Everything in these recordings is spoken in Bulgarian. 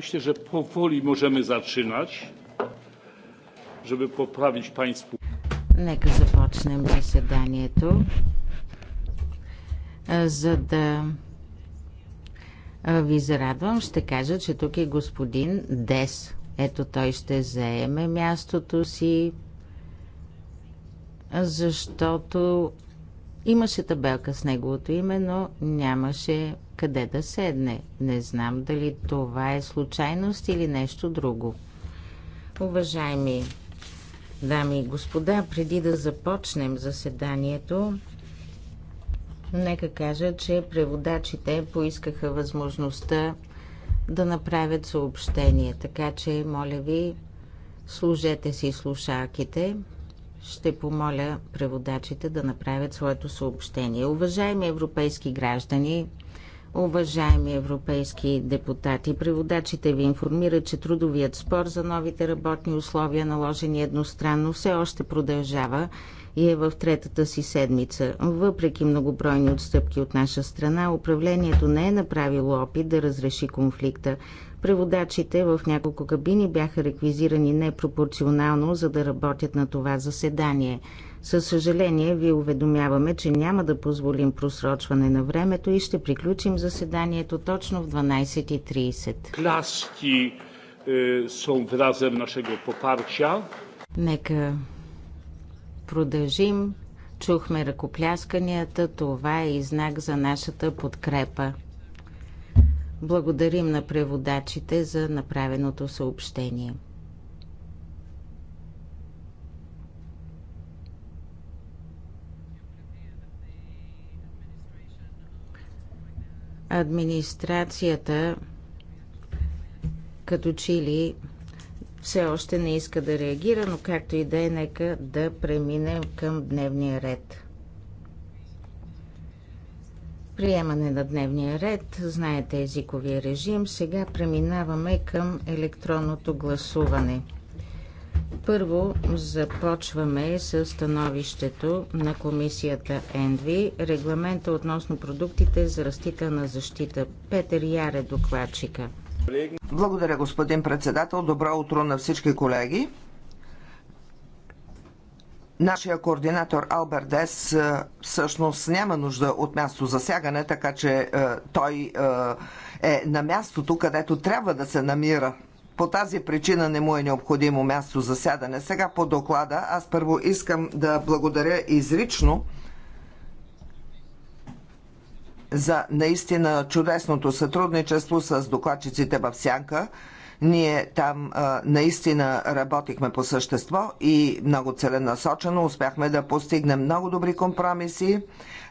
Myślę, że powoli możemy zaczynać, żeby poprawić Państwu. Нека започнем заседанието, за да ви зарадвам. Ще кажа, че тук е господин Дес. Ето той ще заеме мястото си, защото Имаше табелка с неговото име, но нямаше къде да седне. Не знам дали това е случайност или нещо друго. Уважаеми дами и господа, преди да започнем заседанието, нека кажа, че преводачите поискаха възможността да направят съобщение, така че, моля ви, служете си слушалките, ще помоля преводачите да направят своето съобщение. Уважаеми европейски граждани, уважаеми европейски депутати, преводачите ви информират, че трудовият спор за новите работни условия, наложени едностранно, все още продължава и е в третата си седмица. Въпреки многобройни отстъпки от наша страна, управлението не е направило опит да разреши конфликта. Преводачите в няколко кабини бяха реквизирани непропорционално, за да работят на това заседание. Със съжаление ви уведомяваме, че няма да позволим просрочване на времето и ще приключим заседанието точно в 12.30. Класки е, са выразem нашето попарча. Нека продължим. Чухме ръкоплясканията. Това е и знак за нашата подкрепа. Благодарим на преводачите за направеното съобщение. Администрацията като че ли все още не иска да реагира, но както и да е, нека да преминем към дневния ред. Приемане на дневния ред, знаете езиковия режим. Сега преминаваме към електронното гласуване. Първо започваме с становището на комисията ЕНВИ, регламента относно продуктите за растителна защита. Петър Яре, докладчика. Благодаря, господин председател. Добро утро на всички колеги. Нашия координатор Алберт Дес е, всъщност няма нужда от място за сягане, така че е, той е, е на мястото, където трябва да се намира. По тази причина не му е необходимо място за сядане. Сега по доклада аз първо искам да благодаря изрично за наистина чудесното сътрудничество с докладчиците в Сянка. Ние там а, наистина работихме по същество и много целенасочено успяхме да постигнем много добри компромиси.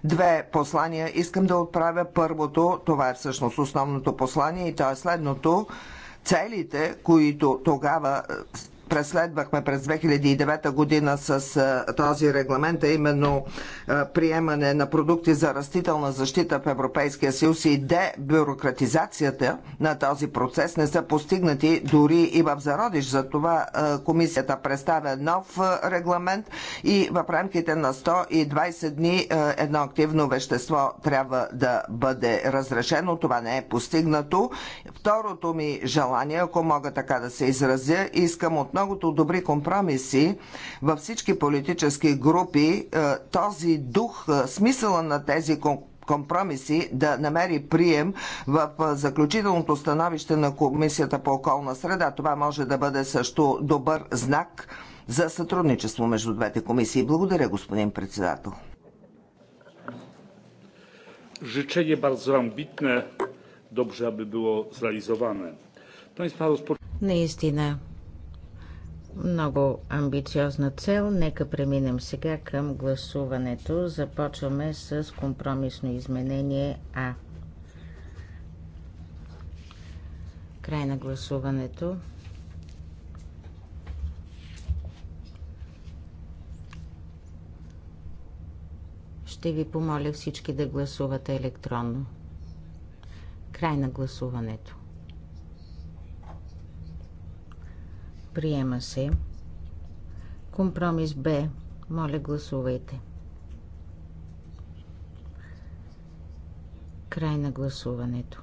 Две послания искам да отправя. Първото, това е всъщност основното послание и то е следното. Целите, които тогава преследвахме през 2009 година с този регламент, а именно приемане на продукти за растителна защита в Европейския съюз и дебюрократизацията на този процес не са постигнати дори и в зародиш. Затова комисията представя нов регламент и в рамките на 120 дни едно активно вещество трябва да бъде разрешено. Това не е постигнато. Второто ми желание, ако мога така да се изразя, искам отново многото добри компромиси във всички политически групи, е, този дух, е, смисъла на тези компромиси, компромиси да намери прием в е, заключителното становище на Комисията по околна среда. Това може да бъде също добър знак за сътрудничество между двете комисии. Благодаря, господин председател. Życzenie bardzo ambitne, dobrze aby było zrealizowane. Наистина, много амбициозна цел. Нека преминем сега към гласуването. Започваме с компромисно изменение А. Край на гласуването. Ще ви помоля всички да гласувате електронно. Край на гласуването. Приема се. Компромис Б. Моля, гласувайте. Край на гласуването.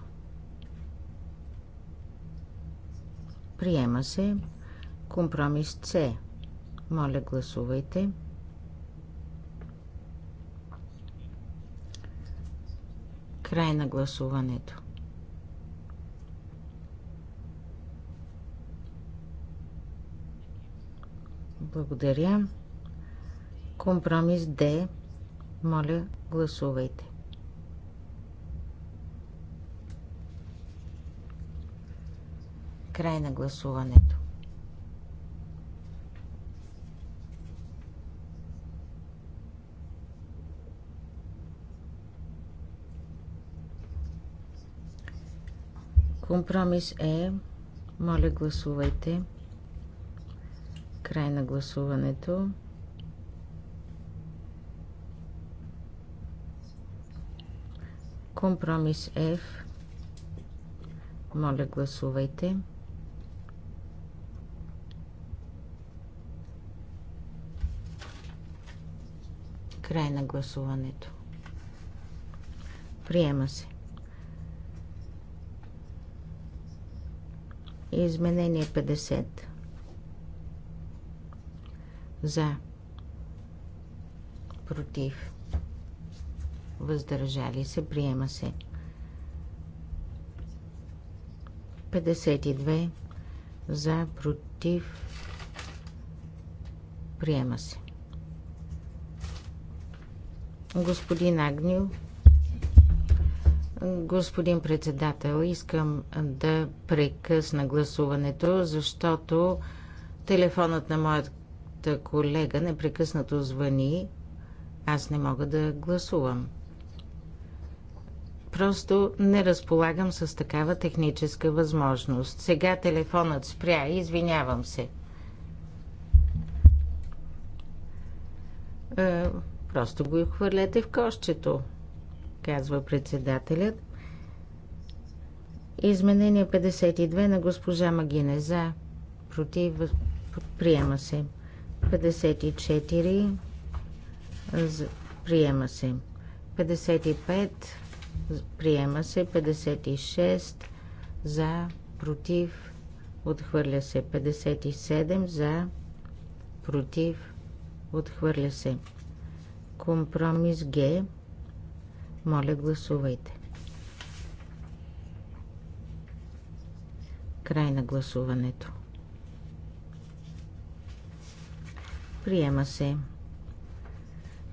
Приема се. Компромис С. Моля, гласувайте. Край на гласуването. Благодаря. Компромис Д. Моля, гласувайте. Край на гласуването. Компромис Е. Моля, гласувайте. Край на гласуването. Компромис F. Моля, гласувайте. Край на гласуването. Приема се. Изменение 50. За. Против. Въздържали се. Приема се. 52. За. Против. Приема се. Господин Агнил, господин председател, искам да прекъсна гласуването, защото телефонът на моят Моята колега непрекъснато звъни. Аз не мога да гласувам. Просто не разполагам с такава техническа възможност. Сега телефонът спря, извинявам се. Е, просто го хвърлете в кошчето, казва председателят. Изменение 52 на госпожа Магине за. Против. Приема се. 54 приема се. 55 приема се. 56 за, против, отхвърля се. 57 за, против, отхвърля се. Компромис Г. Моля, гласувайте. Край на гласуването. Приема се.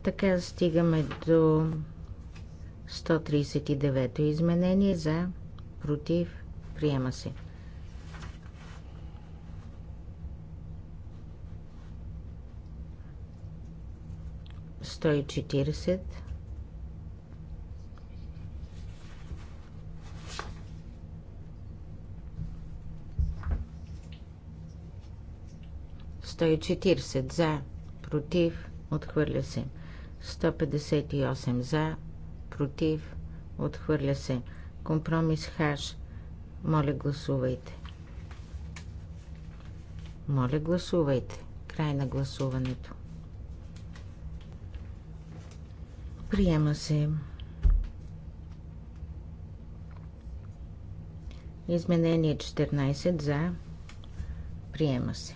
Така стигаме до 139-то изменение за против. Приема се. Стои 140 за, против, отхвърля се. 158 за, против, отхвърля се. Компромис хаш. Моля, гласувайте. Моля, гласувайте. Край на гласуването. Приема се. Изменение 14 за. Приема се.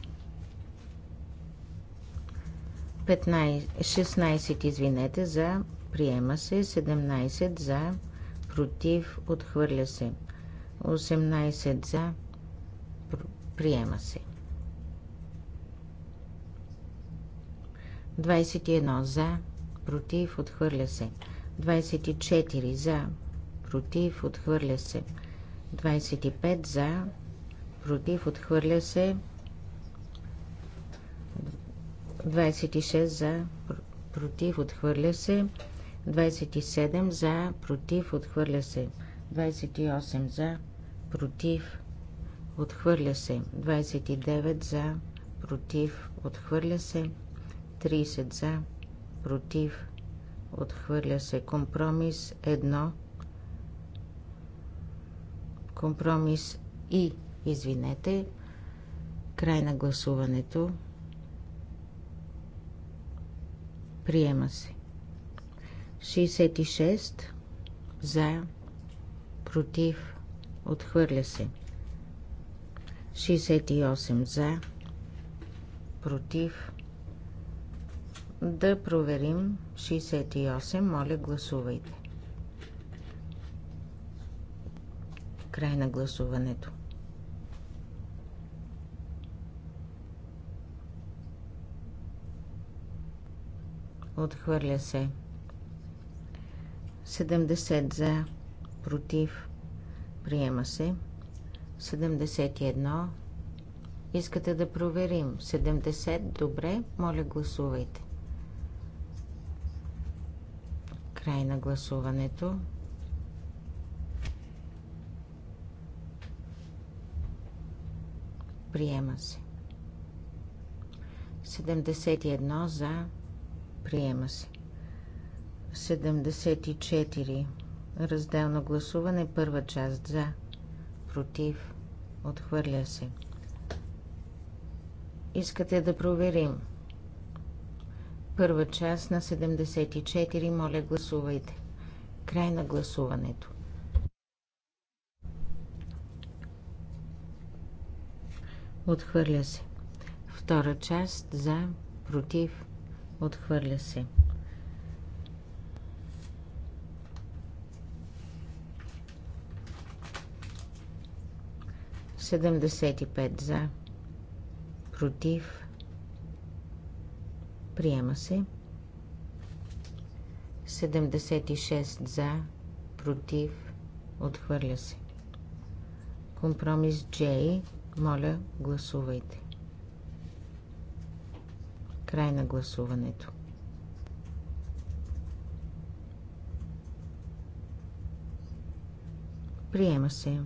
15, 16, извинете, за, приема се, 17 за, против, отхвърля се, 18 за, приема се. 21 за, против, отхвърля се. 24 за, против, отхвърля се. 25 за, против, отхвърля се. 26 за, против, отхвърля се. 27 за, против, отхвърля се. 28 за, против, отхвърля се. 29 за, против, отхвърля се. 30 за, против, отхвърля се. Компромис 1. Компромис и, извинете, край на гласуването. Приема се. 66 за, против, отхвърля се. 68 за, против. Да проверим 68. Моля, гласувайте. Край на гласуването. Отхвърля се. 70 за, против, приема се. 71. Искате да проверим. 70, добре, моля гласувайте. Край на гласуването. Приема се. 71 за, Приема се. 74. Разделно гласуване. Първа част за. Против. Отхвърля се. Искате да проверим. Първа част на 74. Моля, гласувайте. Край на гласуването. Отхвърля се. Втора част за, против, Отхвърля се. Седемдесет и пет за. Против. Приема се. 76 за. Против. Отхвърля се. Компромис J. Моля, гласувайте. Край на гласуването. Приема се.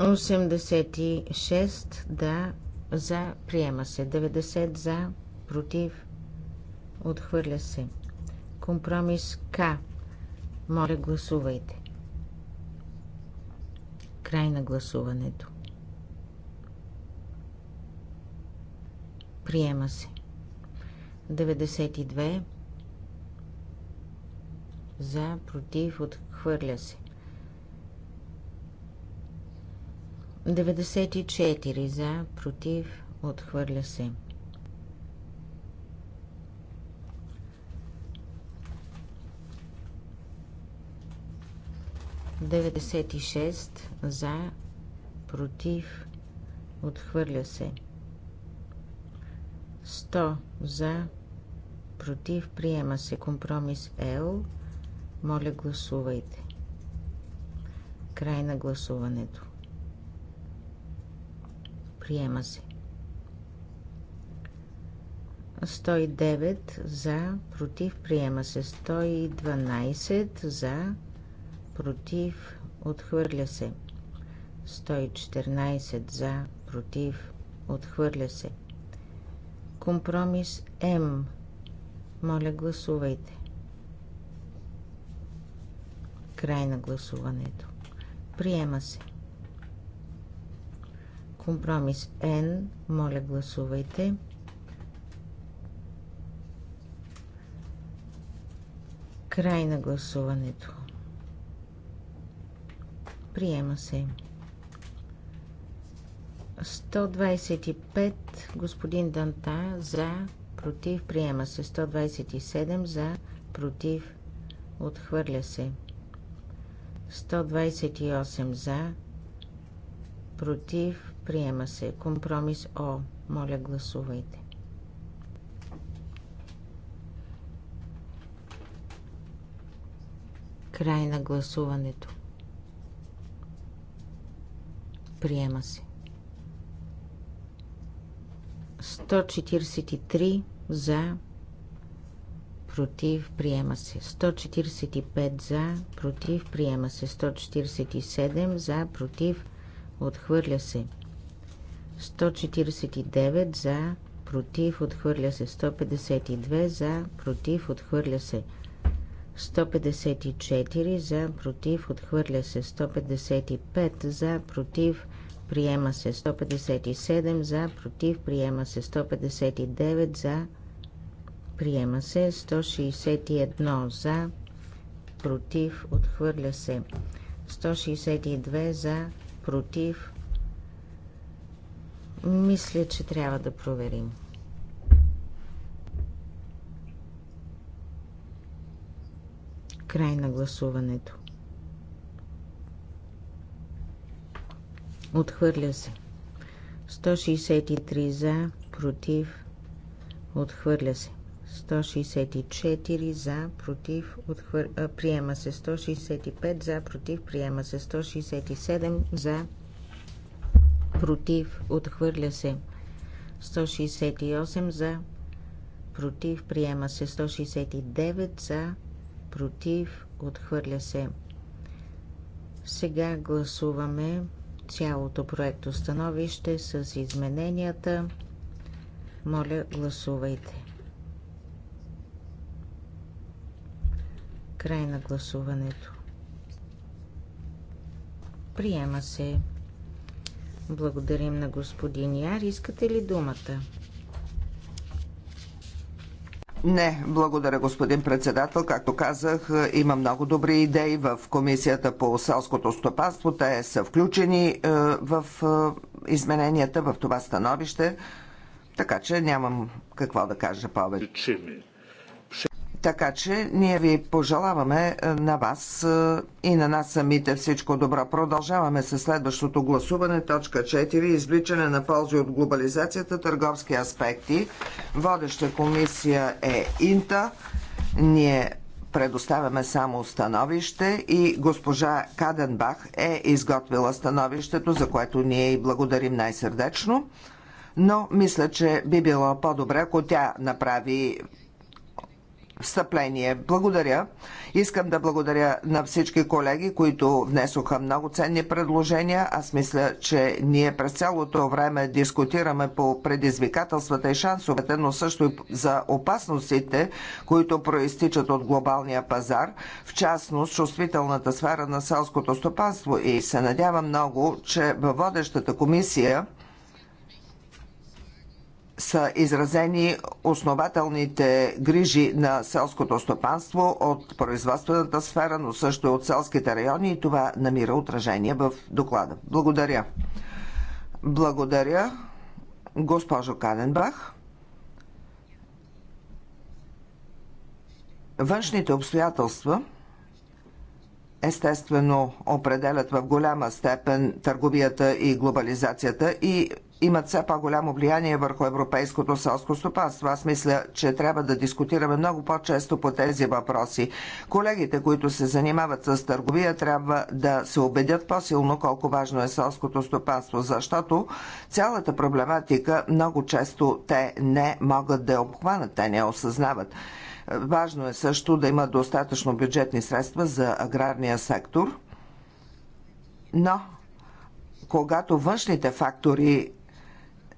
Осемдесет и шест да за приема се. 90 за против отхвърля се. Компромис К. Моля гласувайте. Край на гласуването. Приема се. 92 за, против, отхвърля се. 94 за, против, отхвърля се. 96 за, против, отхвърля се. 97 100 за, против, приема се компромис L. Моля, гласувайте. Край на гласуването. Приема се. 109 за, против, приема се. 112 за, против, отхвърля се. 114 за, против, отхвърля се. 115 Компромис М. Моля, гласувайте. Край на гласуването. Приема се. Компромис Н. Моля, гласувайте. Край на гласуването. Приема се. 125 господин Данта за, против, приема се. 127 за, против, отхвърля се. 128 за, против, приема се. Компромис О. Моля, гласувайте. Край на гласуването. Приема се. 143 за, против, приема се. 145 за, против, приема се. 147 за, против, отхвърля се. 149 за, против, отхвърля се. 152 за, против, отхвърля се. 154 за, против, отхвърля се. 155 за, против, приема се 157 за, против, приема се 159 за, приема се 161 за, против, отхвърля се 162 за, против. Мисля, че трябва да проверим. Край на гласуването. Отхвърля се. 163 за, против, отхвърля се. 164 за, против, отхвър... а, приема се. 165 за, против, приема се. 167 за, против, отхвърля се. 168 за, против, приема се. 169 за, против, отхвърля се. Сега гласуваме цялото проекто становище с измененията. Моля, гласувайте. Край на гласуването. Приема се. Благодарим на господин Яр. Искате ли думата? Не, благодаря господин председател. Както казах, има много добри идеи в Комисията по селското стопанство. Те са включени е, в е, измененията в това становище, така че нямам какво да кажа повече. Така че ние ви пожелаваме е, на вас е, и на нас самите всичко добро. Продължаваме с следващото гласуване. Точка 4. Извличане на ползи от глобализацията, търговски аспекти. Водеща комисия е Инта. Ние предоставяме само становище и госпожа Каденбах е изготвила становището, за което ние и благодарим най-сърдечно. Но мисля, че би било по-добре, ако тя направи встъпление. Благодаря. Искам да благодаря на всички колеги, които внесоха много ценни предложения. Аз мисля, че ние през цялото време дискутираме по предизвикателствата и шансовете, но също и за опасностите, които проистичат от глобалния пазар, в частност чувствителната сфера на селското стопанство. И се надявам много, че във водещата комисия са изразени основателните грижи на селското стопанство от производствената сфера, но също и от селските райони и това намира отражение в доклада. Благодаря. Благодаря, госпожо Каденбах. Външните обстоятелства естествено определят в голяма степен търговията и глобализацията и имат все по-голямо влияние върху европейското селско стопанство. Аз мисля, че трябва да дискутираме много по-често по тези въпроси. Колегите, които се занимават с търговия, трябва да се убедят по-силно колко важно е селското стопанство, защото цялата проблематика много често те не могат да обхванат, те не я осъзнават. Важно е също да има достатъчно бюджетни средства за аграрния сектор, но когато външните фактори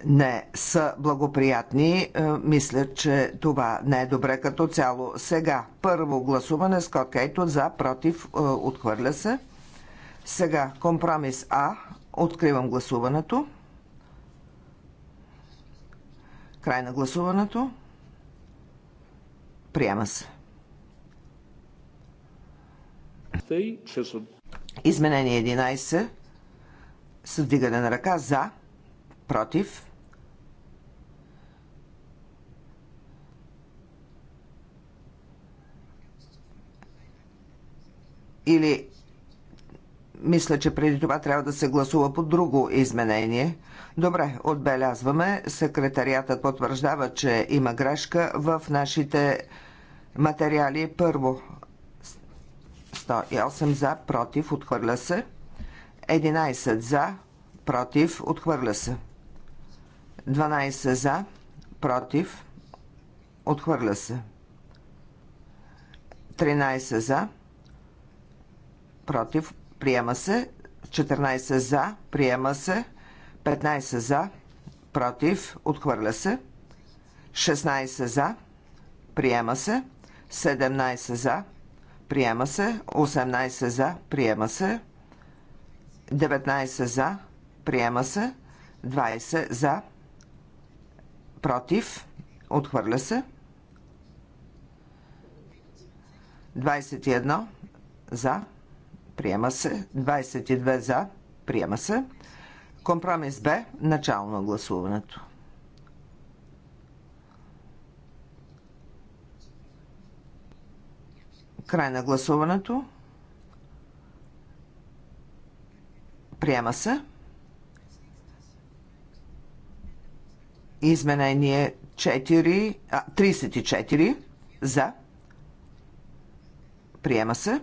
не са благоприятни. Е, мисля, че това не е добре като цяло. Сега, първо гласуване с код Кейто за, против, е, отхвърля се. Сега, компромис А. Откривам гласуването. Край на гласуването. Приема се. Изменение 11 с вдигане на ръка за, против, или мисля, че преди това трябва да се гласува по друго изменение. Добре, отбелязваме. Секретарията потвърждава, че има грешка в нашите материали. Първо, 108 за, против, отхвърля се. 11 за, против, отхвърля се. 12 за, против, отхвърля се. 13 за, против, приема се. 14 за, приема се. 15 за, против, отхвърля се. 16 за, приема се. 17 за, приема се. 18 за, приема се. 19 за, приема се. 20 за, против, отхвърля се. 21 за, Приема се. 22 за. Приема се. Компромис Б. Начало на гласуването. Край на гласуването. Приема се. Изменение 4, а, 34 за. Приема се.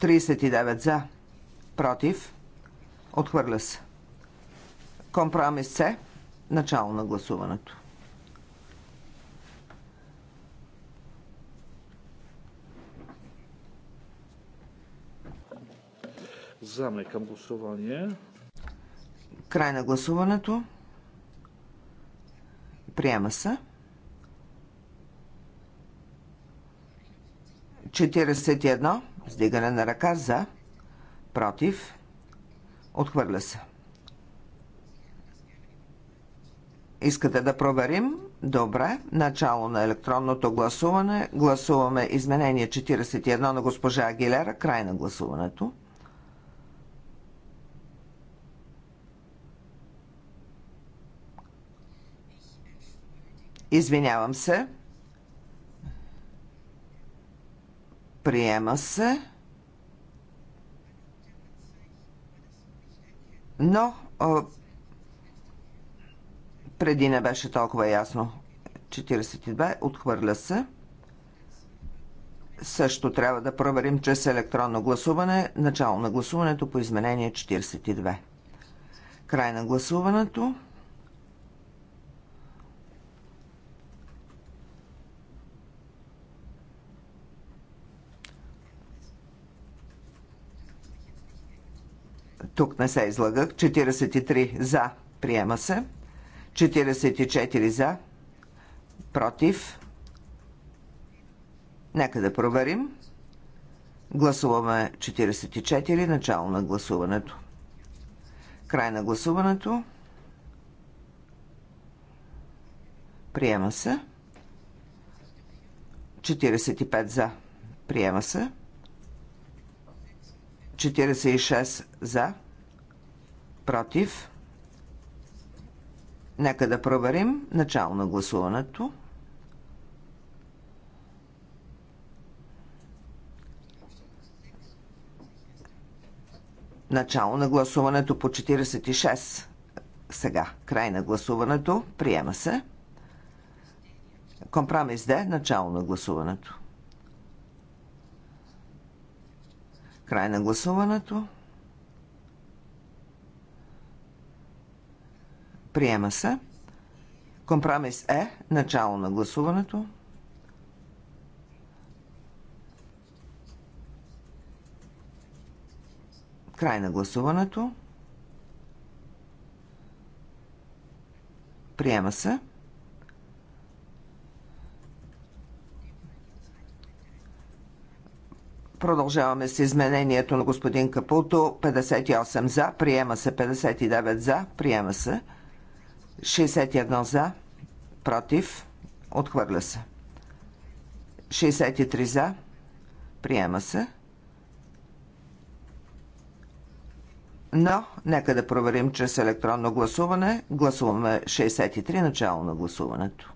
39 за, против, отхвърля се. Компромис С, начало на гласуването. Заме към гласуване. Край на гласуването. Приема се. 41 Сдигане на ръка за. Против. Отхвърля се. Искате да проверим? Добре. Начало на електронното гласуване. Гласуваме изменение 41 на госпожа Агилера. Край на гласуването. Извинявам се. Приема се. Но а, преди не беше толкова ясно. 42 отхвърля се. Също трябва да проверим чрез електронно гласуване начало на гласуването по изменение 42. Край на гласуването. Тук не се излагах. 43 за. Приема се. 44 за. Против. Нека да проверим. Гласуваме 44. Начало на гласуването. Край на гласуването. Приема се. 45 за. Приема се. 46 за против. Нека да проверим начало на гласуването. Начало на гласуването по 46. Сега, край на гласуването. Приема се. Компромис Д. Начало на гласуването. Край на гласуването. Приема се. Компромис Е. Начало на гласуването. Край на гласуването. Приема се. Продължаваме с изменението на господин Капуто. 58 за, приема се 59 за, приема се. 61 за, против, отхвърля се. 63 за, приема се. Но, нека да проверим чрез електронно гласуване. Гласуваме 63, начало на гласуването.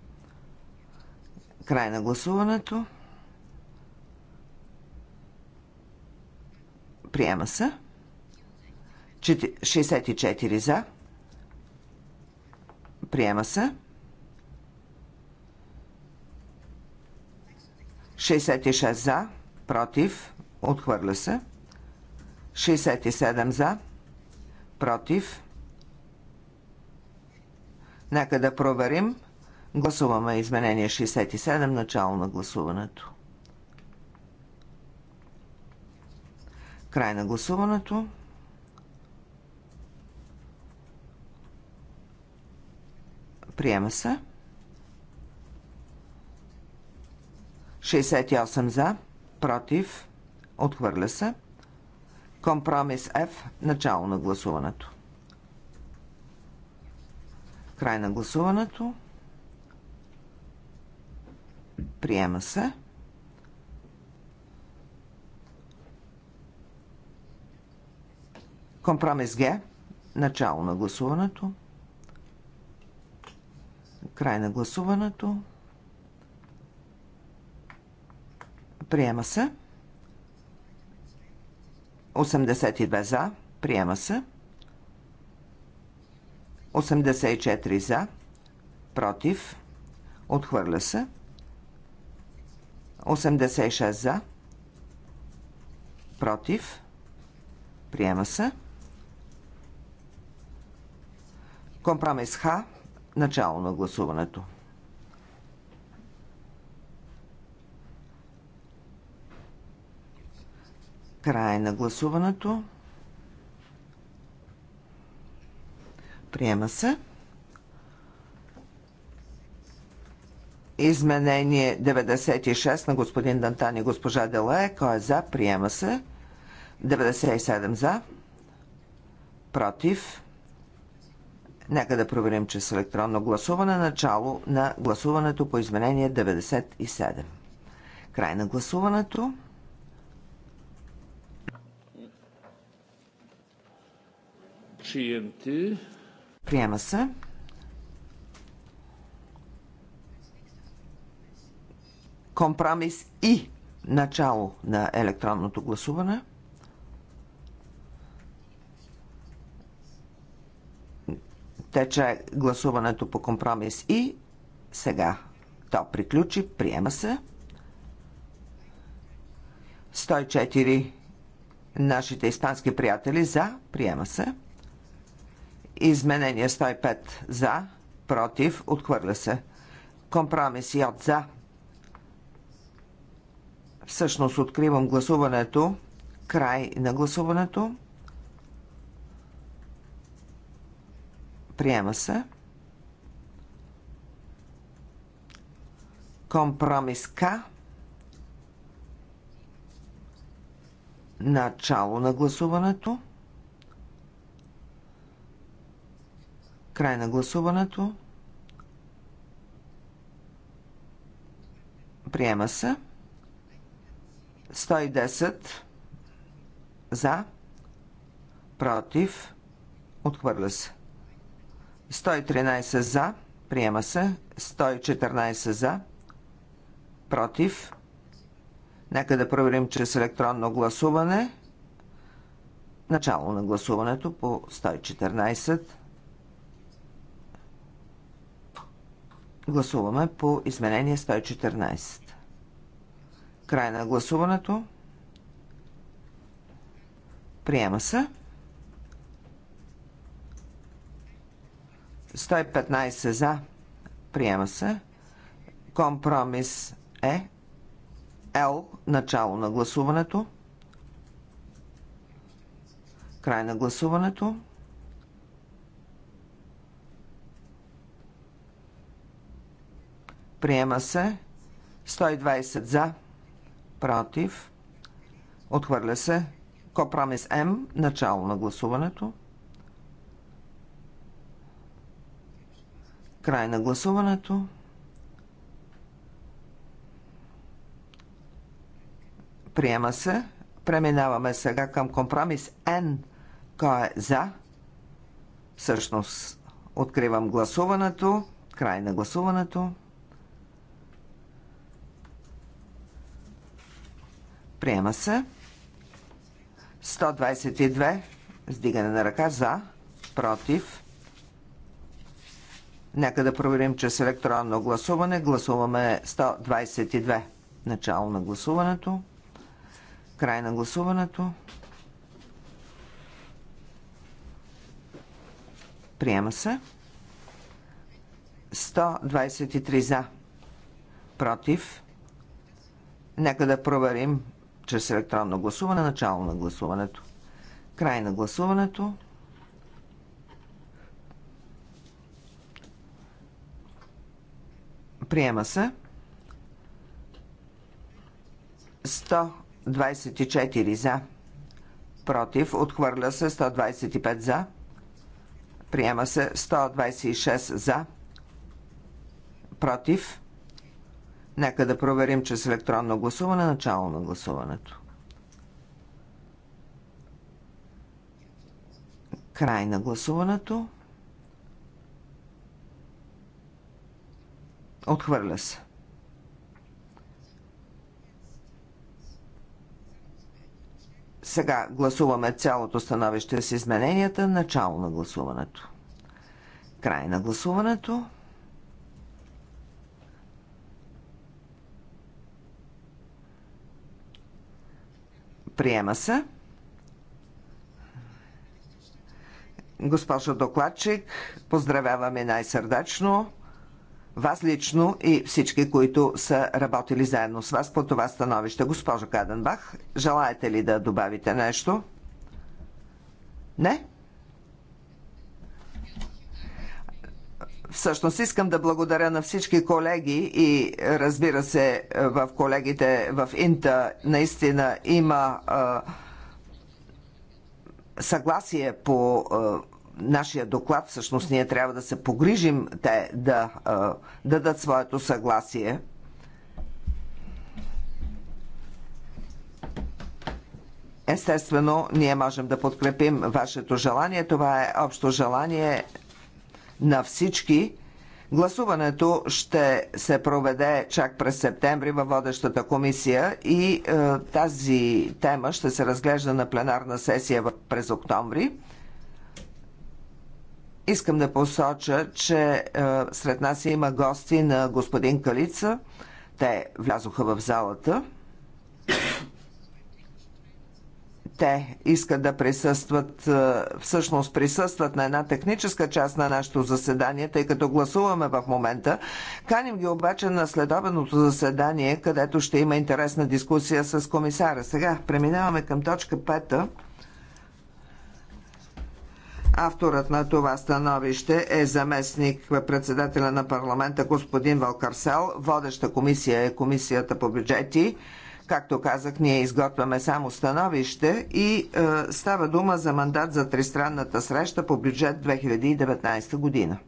Край на гласуването. Приема се. 64 за. Приема се. 66 за, против, отхвърля се. 67 за, против. Нека да проверим. Гласуваме изменение 67, начало на гласуването. Край на гласуването. Приема се. 68 за, против, отхвърля се. Компромис F, начало на гласуването. Край на гласуването. Приема се. Компромис Г, начало на гласуването. Край на гласуването. Приема се. 82 за. Приема се. 84 за. Против. Отхвърля се. 86 за. Против. Приема се. Компромис Х. Начало на гласуването. Край на гласуването. Приема се. Изменение 96 на господин Дантан и госпожа Делае. Кой е за? Приема се. 97 за. Против. Нека да проверим чрез електронно гласуване начало на гласуването по изменение 97. Край на гласуването. Приемте. Приема се. Компромис и начало на електронното гласуване. тече гласуването по компромис и сега то приключи, приема се. 104 нашите испански приятели за, приема се. Изменение 105 за, против, отхвърля се. Компромис и от за. Всъщност откривам гласуването, край на гласуването. Приема се. Компромис К. Начало на гласуването. Край на гласуването. Приема се. 110 за. Против. Отхвърля се. 113 за. Приема се. 114 за. Против. Нека да проверим чрез електронно гласуване. Начало на гласуването по 114. Гласуваме по изменение 114. Край на гласуването. Приема се. 115 за. Приема се. Компромис е. Л. Начало на гласуването. Край на гласуването. Приема се. 120 за. Против. Отхвърля се. Компромис М. Начало на гласуването. Край на гласуването. Приема се. Преминаваме сега към компромис N. Кой е за? Всъщност, откривам гласуването. Край на гласуването. Приема се. 122. Сдигане на ръка за. Против. Нека да проверим чрез електронно гласуване. Гласуваме 122. Начало на гласуването. Край на гласуването. Приема се. 123 за. Против. Нека да проверим чрез електронно гласуване начало на гласуването. Край на гласуването. Приема се. 124 за. Против. Отхвърля се. 125 за. Приема се. 126 за. Против. Нека да проверим, че с електронно гласуване начало на гласуването. Край на гласуването. Отхвърля се. Сега гласуваме цялото становище с измененията. Начало на гласуването. Край на гласуването. Приема се. Госпожо докладчик, поздравяваме най-сърдачно вас лично и всички, които са работили заедно с вас по това становище. Госпожо Каденбах, желаете ли да добавите нещо? Не? Всъщност искам да благодаря на всички колеги и разбира се в колегите в Инта наистина има съгласие по нашия доклад, всъщност ние трябва да се погрижим те да, дадат своето съгласие. Естествено, ние можем да подкрепим вашето желание. Това е общо желание на всички. Гласуването ще се проведе чак през септември във водещата комисия и е, тази тема ще се разглежда на пленарна сесия през октомври. Искам да посоча, че е, сред нас има гости на господин Калица. Те влязоха в залата. Те искат да присъстват, е, всъщност присъстват на една техническа част на нашето заседание, тъй като гласуваме в момента. Каним ги обаче на следобеното заседание, където ще има интересна дискусия с комисара. Сега преминаваме към точка 5. Авторът на това становище е заместник председателя на парламента господин Валкарсел. Водеща комисия е комисията по бюджети. Както казах, ние изготвяме само становище и е, става дума за мандат за тристранната среща по бюджет 2019 година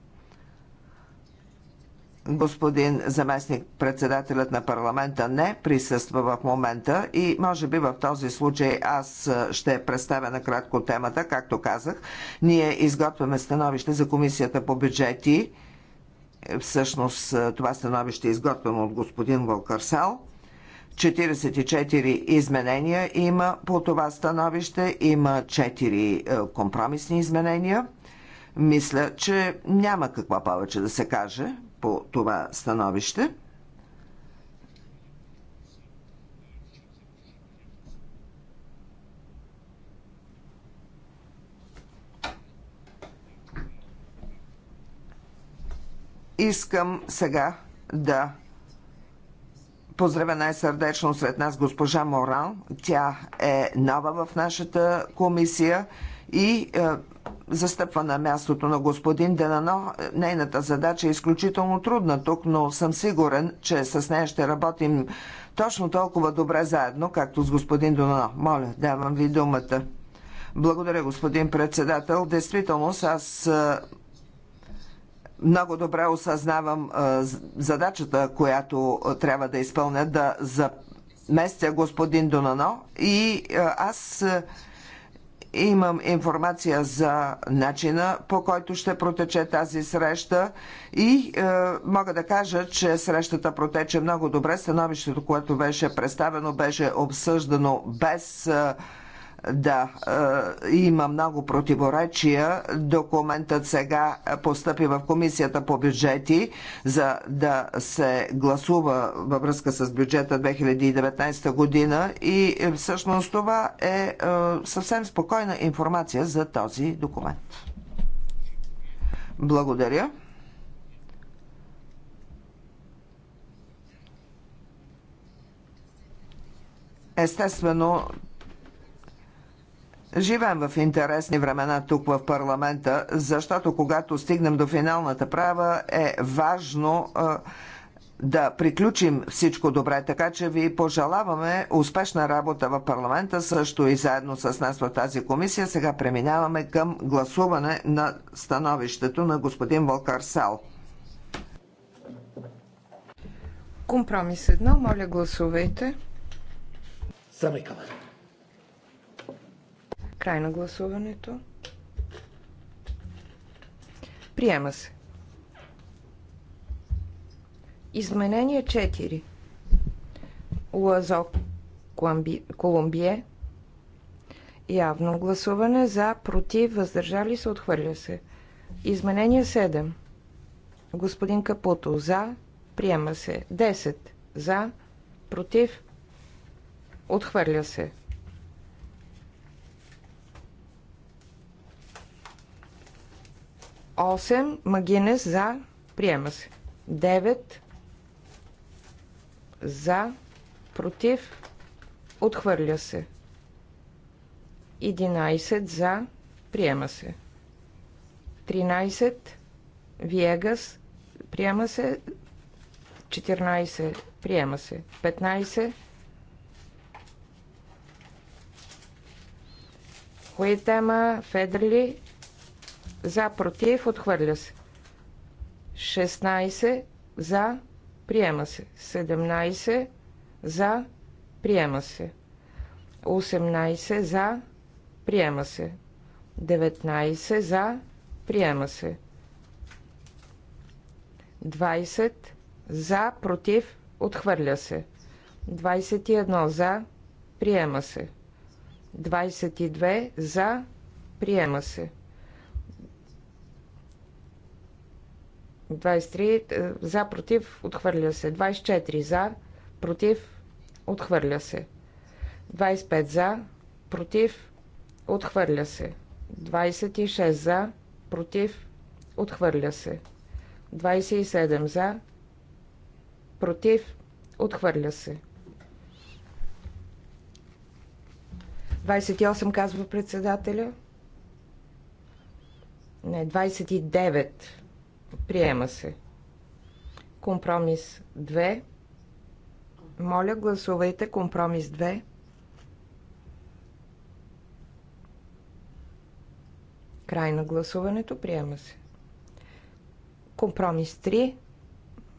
господин заместник председателят на парламента не присъства в момента и може би в този случай аз ще представя накратко темата, както казах. Ние изготвяме становище за комисията по бюджети. Всъщност това становище е изготвено от господин Вълкарсал. 44 изменения има по това становище, има 4 компромисни изменения. Мисля, че няма какво повече да се каже по това становище. Искам сега да Поздравя най-сърдечно сред нас госпожа Моран. Тя е нова в нашата комисия и е, застъпва на мястото на господин Денано. Нейната задача е изключително трудна тук, но съм сигурен, че с нея ще работим точно толкова добре заедно, както с господин Денано. Моля, давам ви думата. Благодаря, господин председател. Действително, аз много добре осъзнавам задачата, която трябва да изпълня, да заместя господин Донано и аз Имам информация за начина по който ще протече тази среща и е, мога да кажа, че срещата протече много добре. Становището, което беше представено, беше обсъждано без. Е, да, е, има много противоречия. Документът сега постъпи в Комисията по бюджети, за да се гласува във връзка с бюджета 2019 година и е, всъщност това е, е съвсем спокойна информация за този документ. Благодаря. Естествено, Живеем в интересни времена тук в парламента, защото когато стигнем до финалната права е важно да приключим всичко добре, така че ви пожелаваме успешна работа в парламента, също и заедно с нас в тази комисия. Сега преминаваме към гласуване на становището на господин Волкар Сал. Компромис едно, моля гласувайте. Замикаме. Край на гласуването. Приема се. Изменение 4. Лазо Колумбие. Явно гласуване за, против, въздържали се, отхвърля се. Изменение 7. Господин Капуто за, приема се. 10. За, против, отхвърля се. 8. Магинес за. Приема се. 9. За. Против. Отхвърля се. 11. За. Приема се. 13. Виегас. Приема се. 14. Приема се. 15. тема Федерли за, против, отхвърля се. 16 за, приема се. 17 за, приема се. 18 за, приема се. 19 за, приема се. 20 за, против, отхвърля се. 21 за, приема се. 22 за, приема се. 23 е, за, против, отхвърля се. 24 за, против, отхвърля се. 25 за, против, отхвърля се. 26 за, против, отхвърля се. 27 за, против, отхвърля се. 28 казва председателя. Не, 29. Приема се. Компромис 2. Моля, гласувайте компромис 2. Край на гласуването. Приема се. Компромис 3.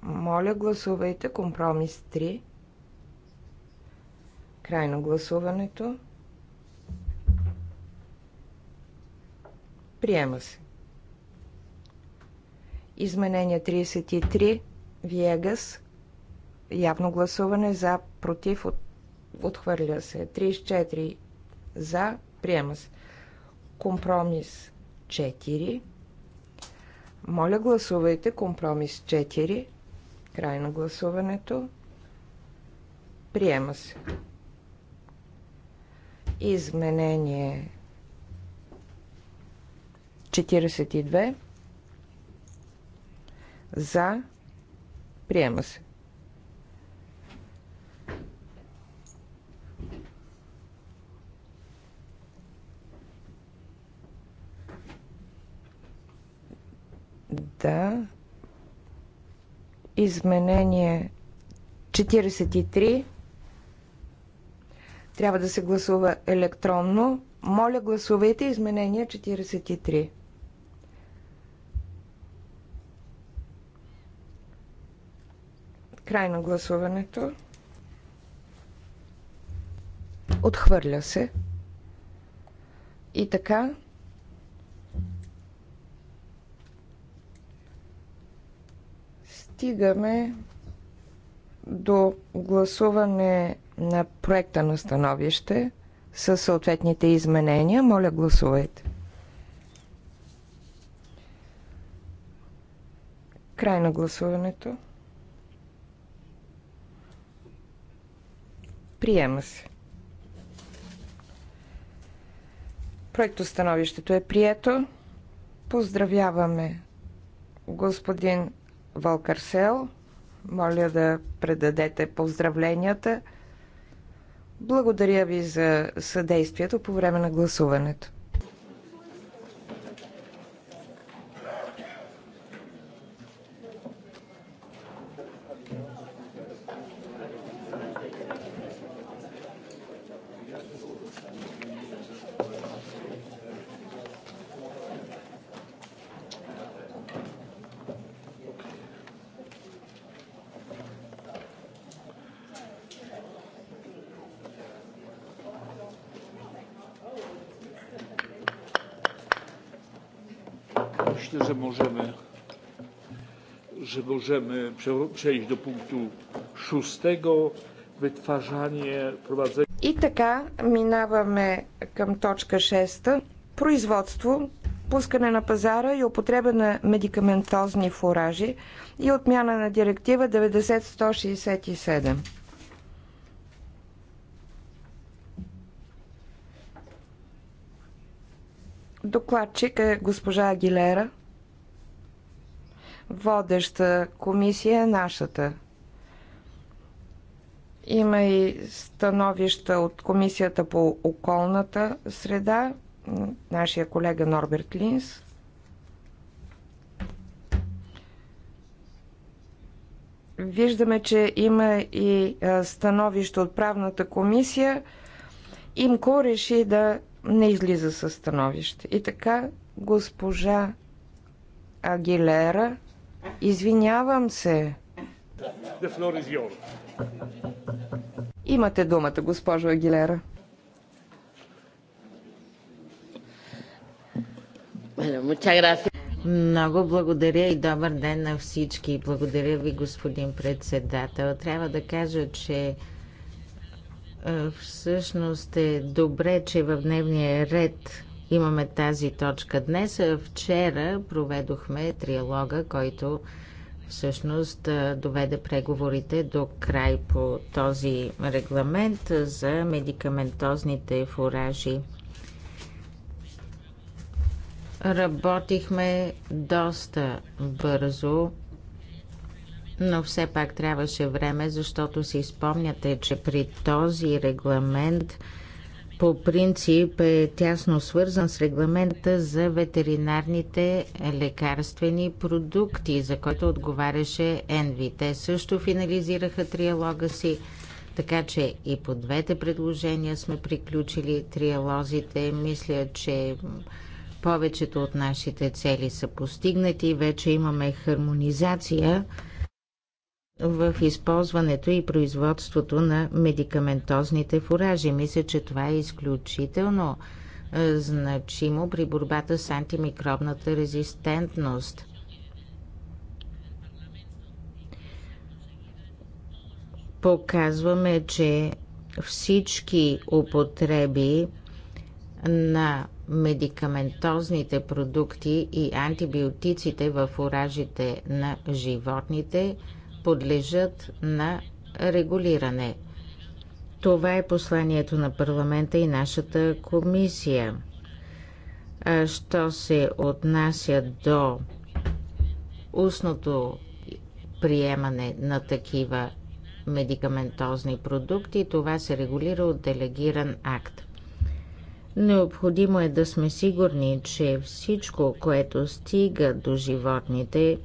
Моля, гласувайте компромис 3. Край на гласуването. Приема се. Изменение 33. Виегас. Явно гласуване за, против, от, отхвърля се. 34. За, приема се. Компромис 4. Моля, гласувайте компромис 4. Край на гласуването. Приема се. Изменение 42 за, приема се. Да. Изменение 43 трябва да се гласува електронно. Моля, гласувайте изменение 43. Край на гласуването. Отхвърля се. И така. Стигаме до гласуване на проекта на становище със съответните изменения. Моля, гласувайте. Край на гласуването. Приема се. Проектостановището е прието. Поздравяваме господин Валкарсел. Моля да предадете поздравленията. Благодаря ви за съдействието по време на гласуването. możemy przejść do punktu szóstego. Wytwarzanie, wprowadzenie. И така минаваме към точка 6. Производство, пускане на пазара и употреба на медикаментозни фуражи и отмяна на директива 90-167. Докладчик е госпожа Агилера. Водеща комисия е нашата. Има и становища от Комисията по околната среда, нашия колега Норберт Линс. Виждаме, че има и становище от правната комисия. Имко реши да не излиза със становище. И така госпожа Агилера Извинявам се. Имате думата, госпожо Агилера. Много благодаря и добър ден на всички. Благодаря ви, господин председател. Трябва да кажа, че е, всъщност е добре, че в дневния ред имаме тази точка днес. Вчера проведохме триалога, който всъщност доведе преговорите до край по този регламент за медикаментозните фуражи. Работихме доста бързо, но все пак трябваше време, защото си спомняте, че при този регламент – по принцип е тясно свързан с регламента за ветеринарните лекарствени продукти, за който отговаряше Енви. Те също финализираха триалога си, така че и по двете предложения сме приключили триалозите. Мисля, че повечето от нашите цели са постигнати. Вече имаме хармонизация в използването и производството на медикаментозните фуражи. Мисля, че това е изключително е, значимо при борбата с антимикробната резистентност. Показваме, че всички употреби на медикаментозните продукти и антибиотиците в оражите на животните – подлежат на регулиране. Това е посланието на парламента и нашата комисия. Що се отнася до устното приемане на такива медикаментозни продукти, това се регулира от делегиран акт. Необходимо е да сме сигурни, че всичко, което стига до животните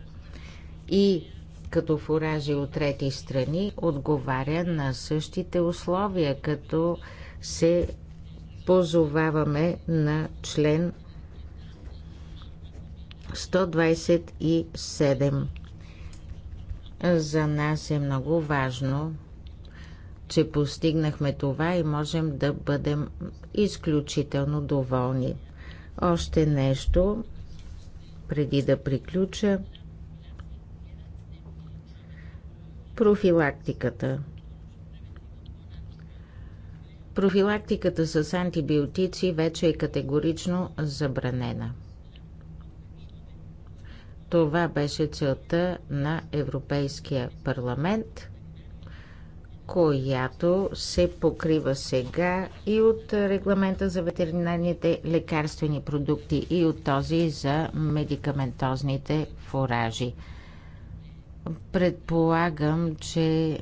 и като фуражи от трети страни, отговаря на същите условия, като се позоваваме на член 127. За нас е много важно, че постигнахме това и можем да бъдем изключително доволни. Още нещо, преди да приключа – Профилактиката. Профилактиката с антибиотици вече е категорично забранена. Това беше целта на Европейския парламент, която се покрива сега и от регламента за ветеринарните лекарствени продукти и от този за медикаментозните фуражи. Предполагам, че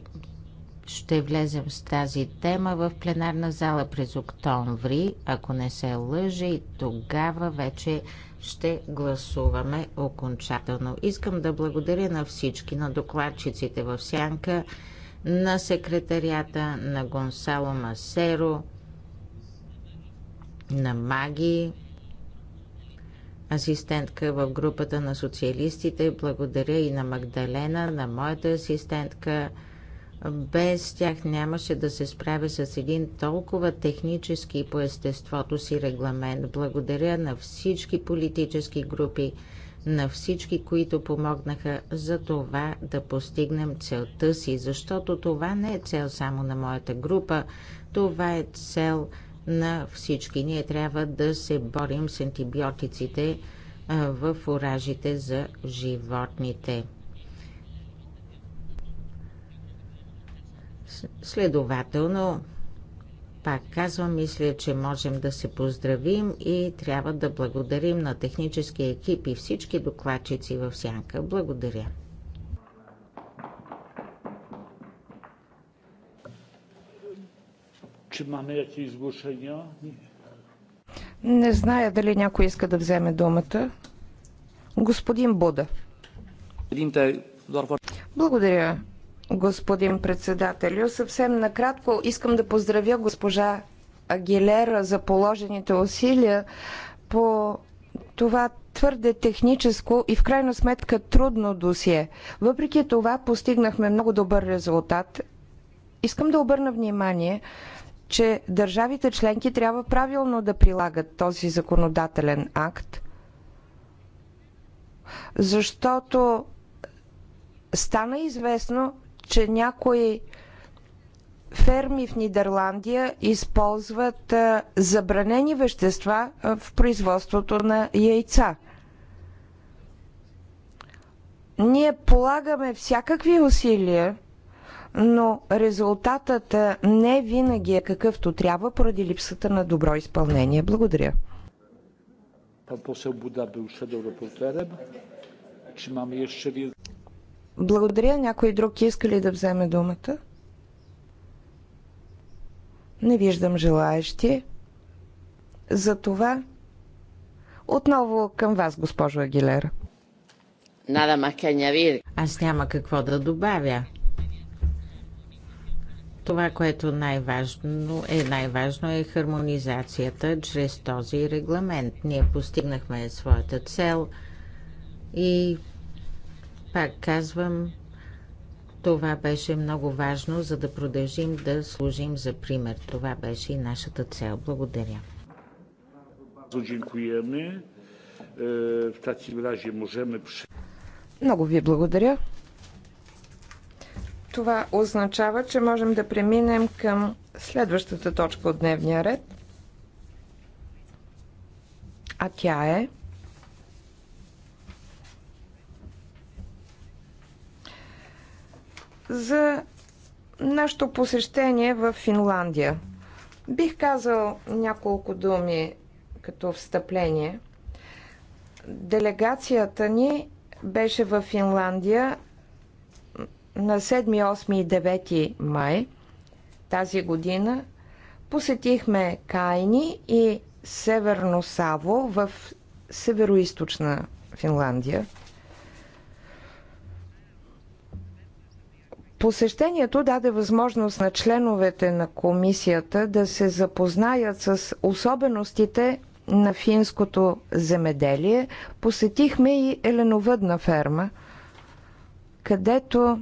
ще влезем с тази тема в пленарна зала през октомври, ако не се лъжи, тогава вече ще гласуваме окончателно. Искам да благодаря на всички, на докладчиците в Сянка, на секретарията, на Гонсало Масеро, на Маги, асистентка в групата на социалистите. Благодаря и на Магдалена, на моята асистентка. Без тях нямаше да се справя с един толкова технически по естеството си регламент. Благодаря на всички политически групи, на всички, които помогнаха за това да постигнем целта си, защото това не е цел само на моята група, това е цел – на всички. Ние трябва да се борим с антибиотиците в фуражите за животните. Следователно, пак казвам, мисля, че можем да се поздравим и трябва да благодарим на техническия екип и всички докладчици в Сянка. Благодаря. Czy mamy jakieś zgłoszenia? Не зная дали някой иска да вземе думата. Господин Буда. Благодаря, господин председателю. Съвсем накратко искам да поздравя госпожа Агилера за положените усилия по това твърде техническо и в крайна сметка трудно досие. Въпреки това постигнахме много добър резултат. Искам да обърна внимание, че държавите членки трябва правилно да прилагат този законодателен акт, защото стана известно, че някои ферми в Нидерландия използват забранени вещества в производството на яйца. Ние полагаме всякакви усилия но резултатът не винаги е какъвто трябва поради липсата на добро изпълнение. Благодаря. Благодаря. Някой друг иска ли да вземе думата? Не виждам желаящи. това. отново към вас, госпожо Агилера. Аз няма какво да добавя. Това, което най-важно е, най-важно е хармонизацията чрез този регламент. Ние постигнахме своята цел и пак казвам, това беше много важно, за да продължим да служим за пример. Това беше и нашата цел. Благодаря. Много ви благодаря. Това означава, че можем да преминем към следващата точка от дневния ред. А тя е за нашето посещение в Финландия. Бих казал няколко думи като встъпление. Делегацията ни беше в Финландия на 7, 8 и 9 май тази година посетихме Кайни и Северно Саво в северо-источна Финландия. Посещението даде възможност на членовете на комисията да се запознаят с особеностите на финското земеделие. Посетихме и еленовъдна ферма, където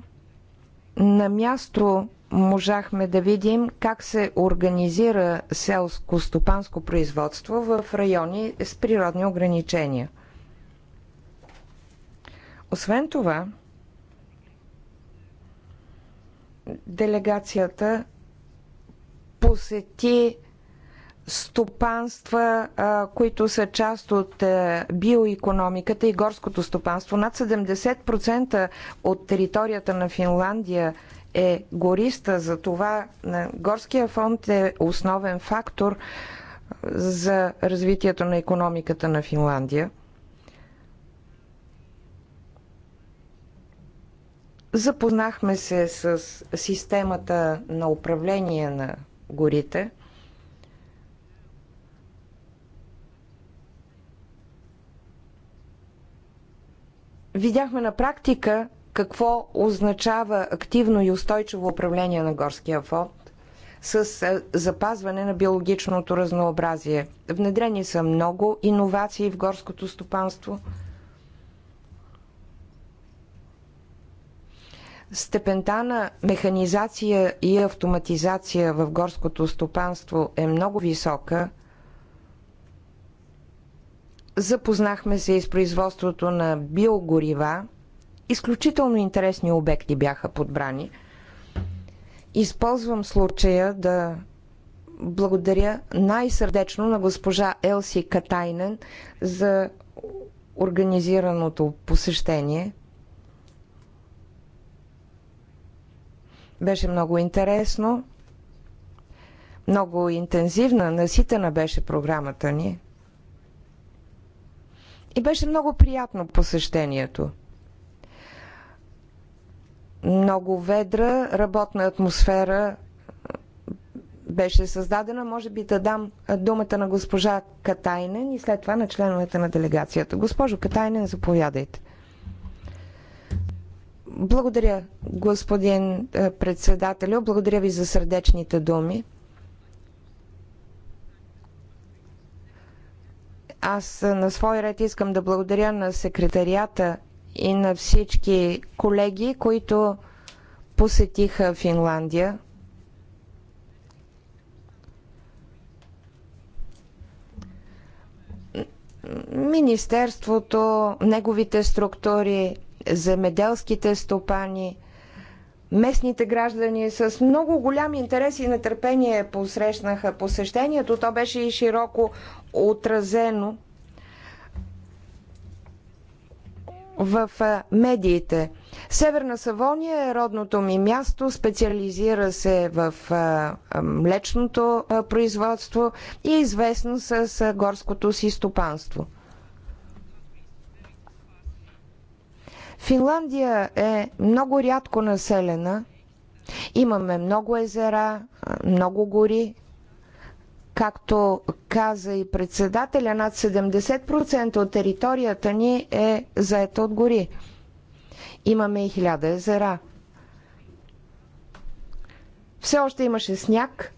на място можахме да видим как се организира селско-стопанско производство в райони с природни ограничения. Освен това, делегацията посети стопанства, които са част от е, биоекономиката и горското стопанство. Над 70% от територията на Финландия е гориста, затова горския фонд е основен фактор за развитието на економиката на Финландия. Запознахме се с системата на управление на горите – Видяхме на практика какво означава активно и устойчиво управление на горския фонд с е, запазване на биологичното разнообразие. Внедрени са много иновации в горското стопанство. Степента на механизация и автоматизация в горското стопанство е много висока Запознахме се и с производството на биогорива. Изключително интересни обекти бяха подбрани. Използвам случая да благодаря най-сърдечно на госпожа Елси Катайнен за организираното посещение. Беше много интересно. Много интензивна, наситена беше програмата ни. И беше много приятно посещението. Много ведра работна атмосфера беше създадена. Може би да дам думата на госпожа Катайнен и след това на членовете на делегацията. Госпожо Катайнен, заповядайте. Благодаря, господин е, председателю. Благодаря ви за сърдечните думи. Аз на свой ред искам да благодаря на секретарията и на всички колеги, които посетиха Финландия. Министерството, неговите структури, земеделските стопани – Местните граждани с много голям интерес и нетърпение посрещнаха посещението. То беше и широко отразено в медиите. Северна Савония е родното ми място, специализира се в млечното производство и е известно с горското си стопанство. Финландия е много рядко населена. Имаме много езера, много гори. Както каза и председателя, над 70% от територията ни е заета от гори. Имаме и хиляда езера. Все още имаше сняг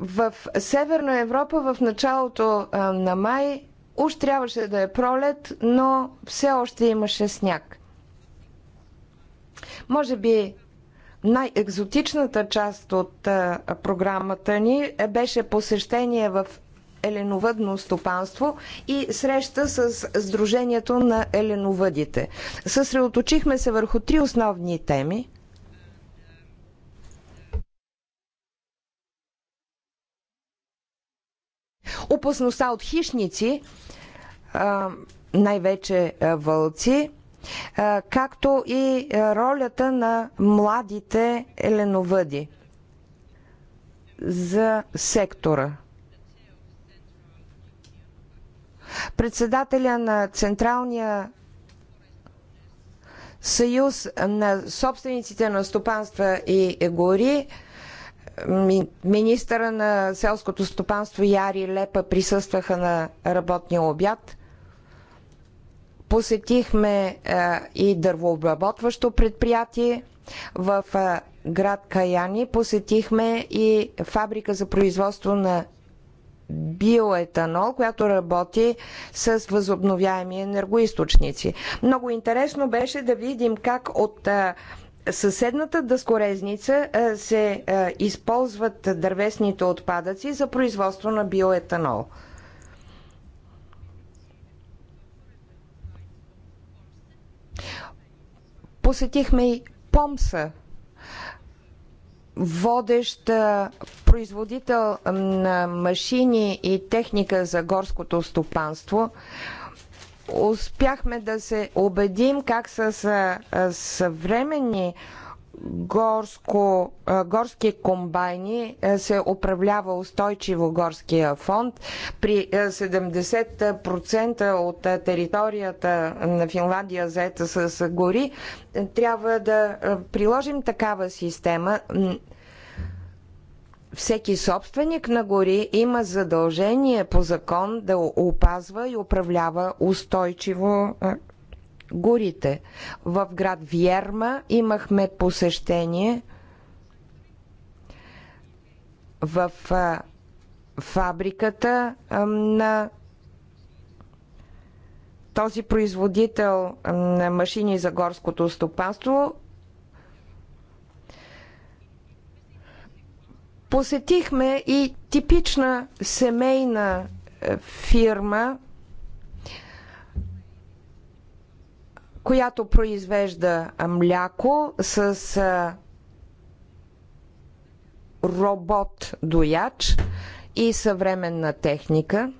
В Северна Европа в началото на май уж трябваше да е пролет, но все още имаше сняг. Може би най-екзотичната част от програмата ни е, беше посещение в еленовъдно стопанство и среща с Сдружението на еленовъдите. Съсредоточихме се върху три основни теми. опасността от хищници, най-вече вълци, както и ролята на младите еленовъди за сектора. Председателя на Централния съюз на собствениците на стопанства и гори Министъра на селското стопанство Яри Лепа присъстваха на работния обяд. Посетихме е, и дървообработващо предприятие в е, град Каяни. Посетихме и фабрика за производство на биоетанол, която работи с възобновяеми енергоисточници. Много интересно беше да видим как от е, съседната дъскорезница е, се е, използват дървесните отпадъци за производство на биоетанол. Посетихме и Помса, водещ производител на машини и техника за горското стопанство – успяхме да се убедим как с съвременни горско, горски комбайни се управлява устойчиво горския фонд. При 70% от територията на Финландия заета с гори трябва да приложим такава система всеки собственик на гори има задължение по закон да опазва и управлява устойчиво горите. В град Виерма имахме посещение в фабриката на този производител на машини за горското стопанство Посетихме и типична семейна е, фирма, която произвежда мляко с робот-дояч и съвременна техника.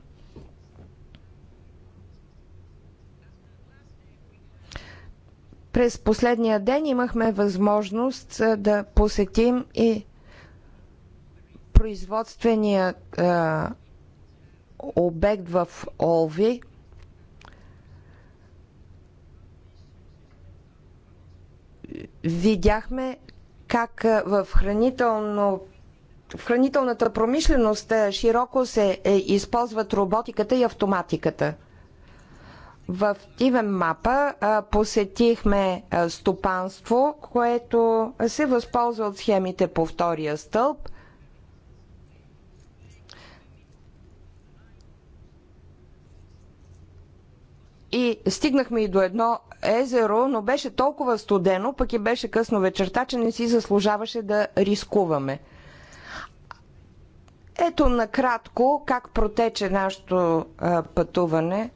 През последния ден имахме възможност да посетим и производствения е, обект в Олви видяхме как в хранително в хранителната промишленост широко се е, използват роботиката и автоматиката. В Тивен Мапа посетихме стопанство, което се възползва от схемите по втория стълб – И стигнахме и до едно езеро, но беше толкова студено, пък и беше късно вечерта, че не си заслужаваше да рискуваме. Ето накратко как протече нашето пътуване.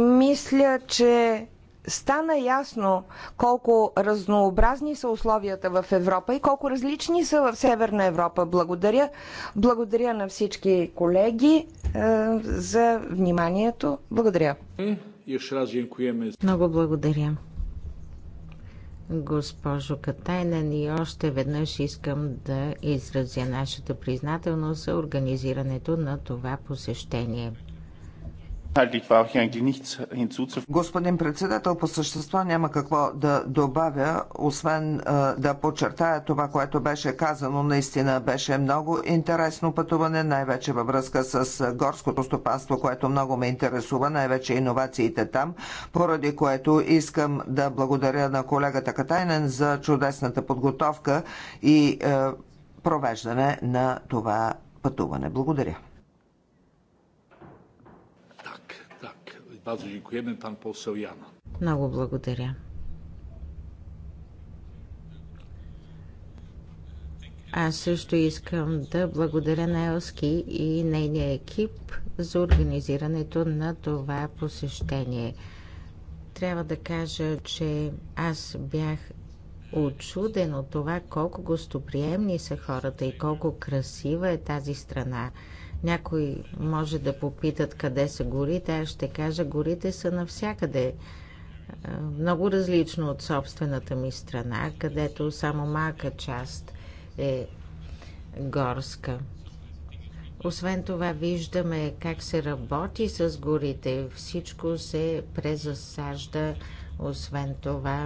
Мисля, че стана ясно колко разнообразни са условията в Европа и колко различни са в Северна Европа. Благодаря. Благодаря на всички колеги е, за вниманието. Благодаря. Много благодаря. Госпожо Катайнен и още веднъж искам да изразя нашата признателност за организирането на това посещение. Господин председател, по същество няма какво да добавя, освен да подчертая това, което беше казано. Наистина беше много интересно пътуване, най-вече във връзка с горското стопанство, което много ме интересува, най-вече иновациите там, поради което искам да благодаря на колегата Катайнен за чудесната подготовка и провеждане на това пътуване. Благодаря. Много благодаря. Аз също искам да благодаря на Елски и нейния екип за организирането на това посещение. Трябва да кажа, че аз бях очуден от това колко гостоприемни са хората и колко красива е тази страна. Някои може да попитат къде са горите. Аз ще кажа, горите са навсякъде. Е, много различно от собствената ми страна, където само малка част е горска. Освен това виждаме как се работи с горите. Всичко се презасажда. Освен това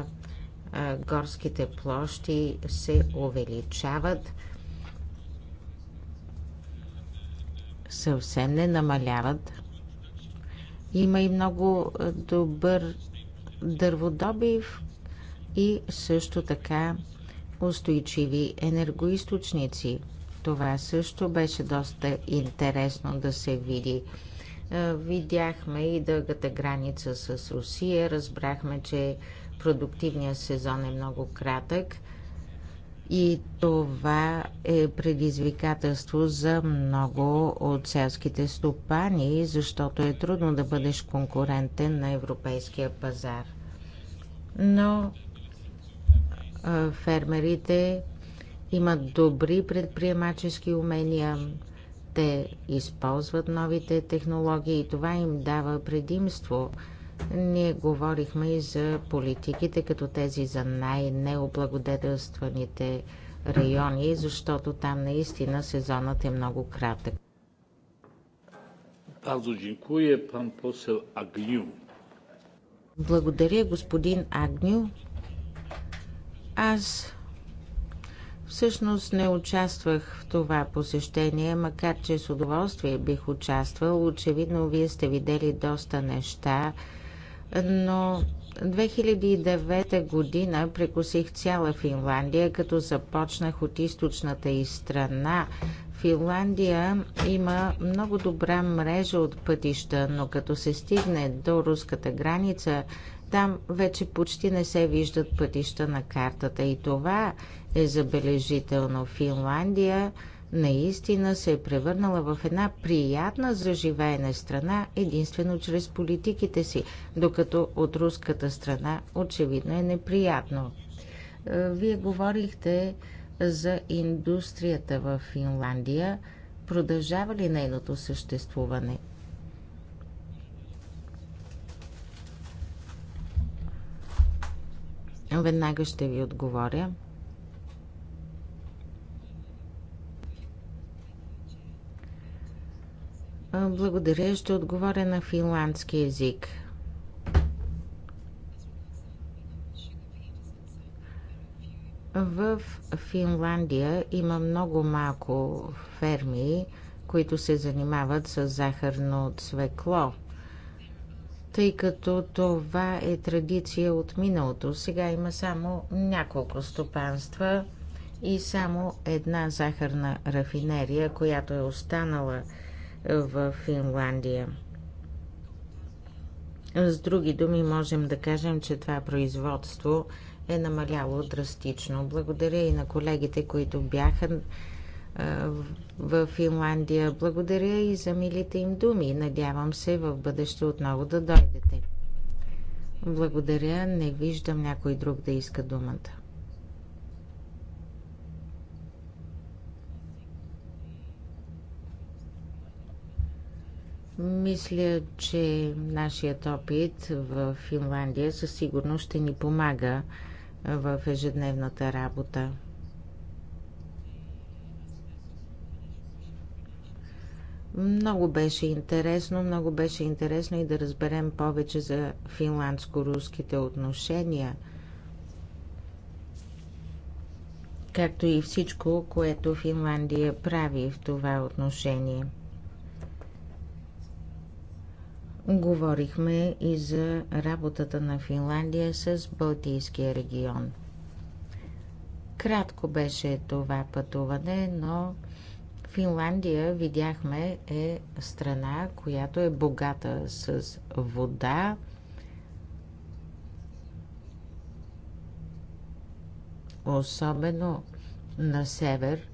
е, горските площи се увеличават съвсем не намаляват. Има и много е, добър дърводобив и също така устойчиви енергоисточници. Това също беше доста интересно да се види. Е, видяхме и дългата граница с Русия, разбрахме, че продуктивният сезон е много кратък и това е предизвикателство за много от селските стопани, защото е трудно да бъдеш конкурентен на европейския пазар. Но фермерите имат добри предприемачески умения, те използват новите технологии и това им дава предимство – ние говорихме и за политиките, като тези за най-необлагодетелстваните райони, защото там наистина сезонът е много кратък. Благодаря, господин Агню. Аз всъщност не участвах в това посещение, макар че с удоволствие бих участвал. Очевидно, вие сте видели доста неща но 2009 година прекусих цяла Финландия, като започнах от източната и страна. Финландия има много добра мрежа от пътища, но като се стигне до руската граница, там вече почти не се виждат пътища на картата. И това е забележително. Финландия наистина се е превърнала в една приятна за живеене страна единствено чрез политиките си, докато от руската страна очевидно е неприятно. Е, вие говорихте за индустрията в Финландия. Продължава ли нейното съществуване? Веднага ще ви отговоря. Благодаря, ще отговоря на финландски язик. В Финландия има много малко ферми, които се занимават с захарно цвекло, тъй като това е традиция от миналото. Сега има само няколко стопанства и само една захарна рафинерия, която е останала – в Финландия. С други думи, можем да кажем, че това производство е намаляло драстично. Благодаря и на колегите, които бяха в Финландия. Благодаря и за милите им думи. Надявам се в бъдеще отново да дойдете. Благодаря. Не виждам някой друг да иска думата. Мисля, че нашият опит в Финландия със сигурност ще ни помага в ежедневната работа. Много беше интересно, много беше интересно и да разберем повече за финландско-руските отношения, както и всичко, което Финландия прави в това отношение. Говорихме и за работата на Финландия с Балтийския регион. Кратко беше това пътуване, но Финландия, видяхме, е страна, която е богата с вода. Особено на север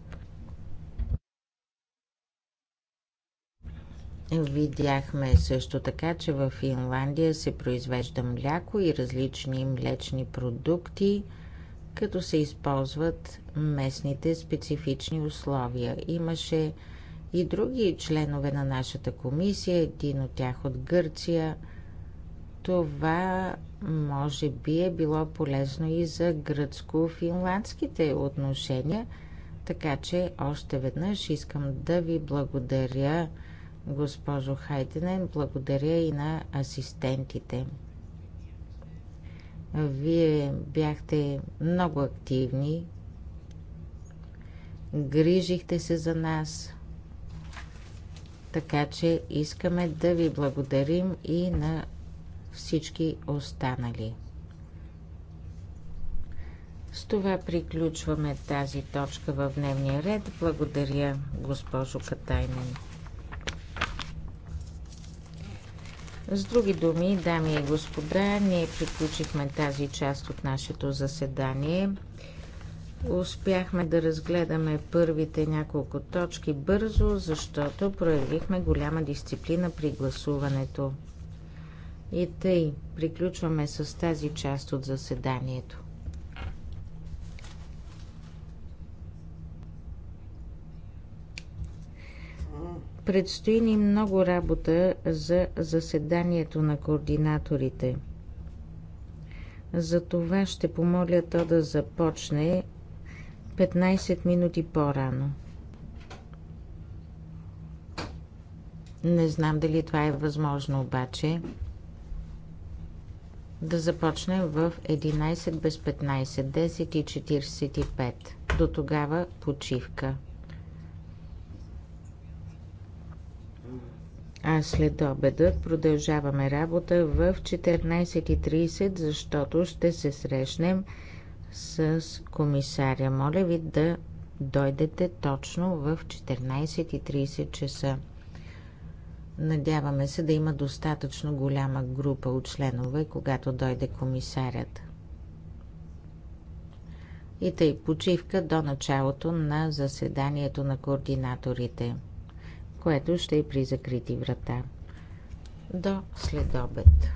Видяхме също така, че в Финландия се произвежда мляко и различни млечни продукти, като се използват местните специфични условия. Имаше и други членове на нашата комисия, един от тях от Гърция. Това може би е било полезно и за гръцко-финландските отношения, така че още веднъж искам да ви благодаря госпожо Хайтенен. Благодаря и на асистентите. Вие бяхте много активни, грижихте се за нас, така че искаме да ви благодарим и на всички останали. С това приключваме тази точка в дневния ред. Благодаря, госпожо Катайнен. С други думи, дами и господа, ние приключихме тази част от нашето заседание. Успяхме да разгледаме първите няколко точки бързо, защото проявихме голяма дисциплина при гласуването. И тъй, приключваме с тази част от заседанието. Предстои ни много работа за заседанието на координаторите. Затова ще помоля то да започне 15 минути по-рано. Не знам дали това е възможно обаче. Да започнем в 11 без 15, 10 и 45. До тогава почивка. А след обеда продължаваме работа в 14.30, защото ще се срещнем с комисаря. Моля ви да дойдете точно в 14.30 часа. Надяваме се да има достатъчно голяма група от членове, когато дойде комисарят. И тъй почивка до началото на заседанието на координаторите което ще е при закрити врата. До следобед!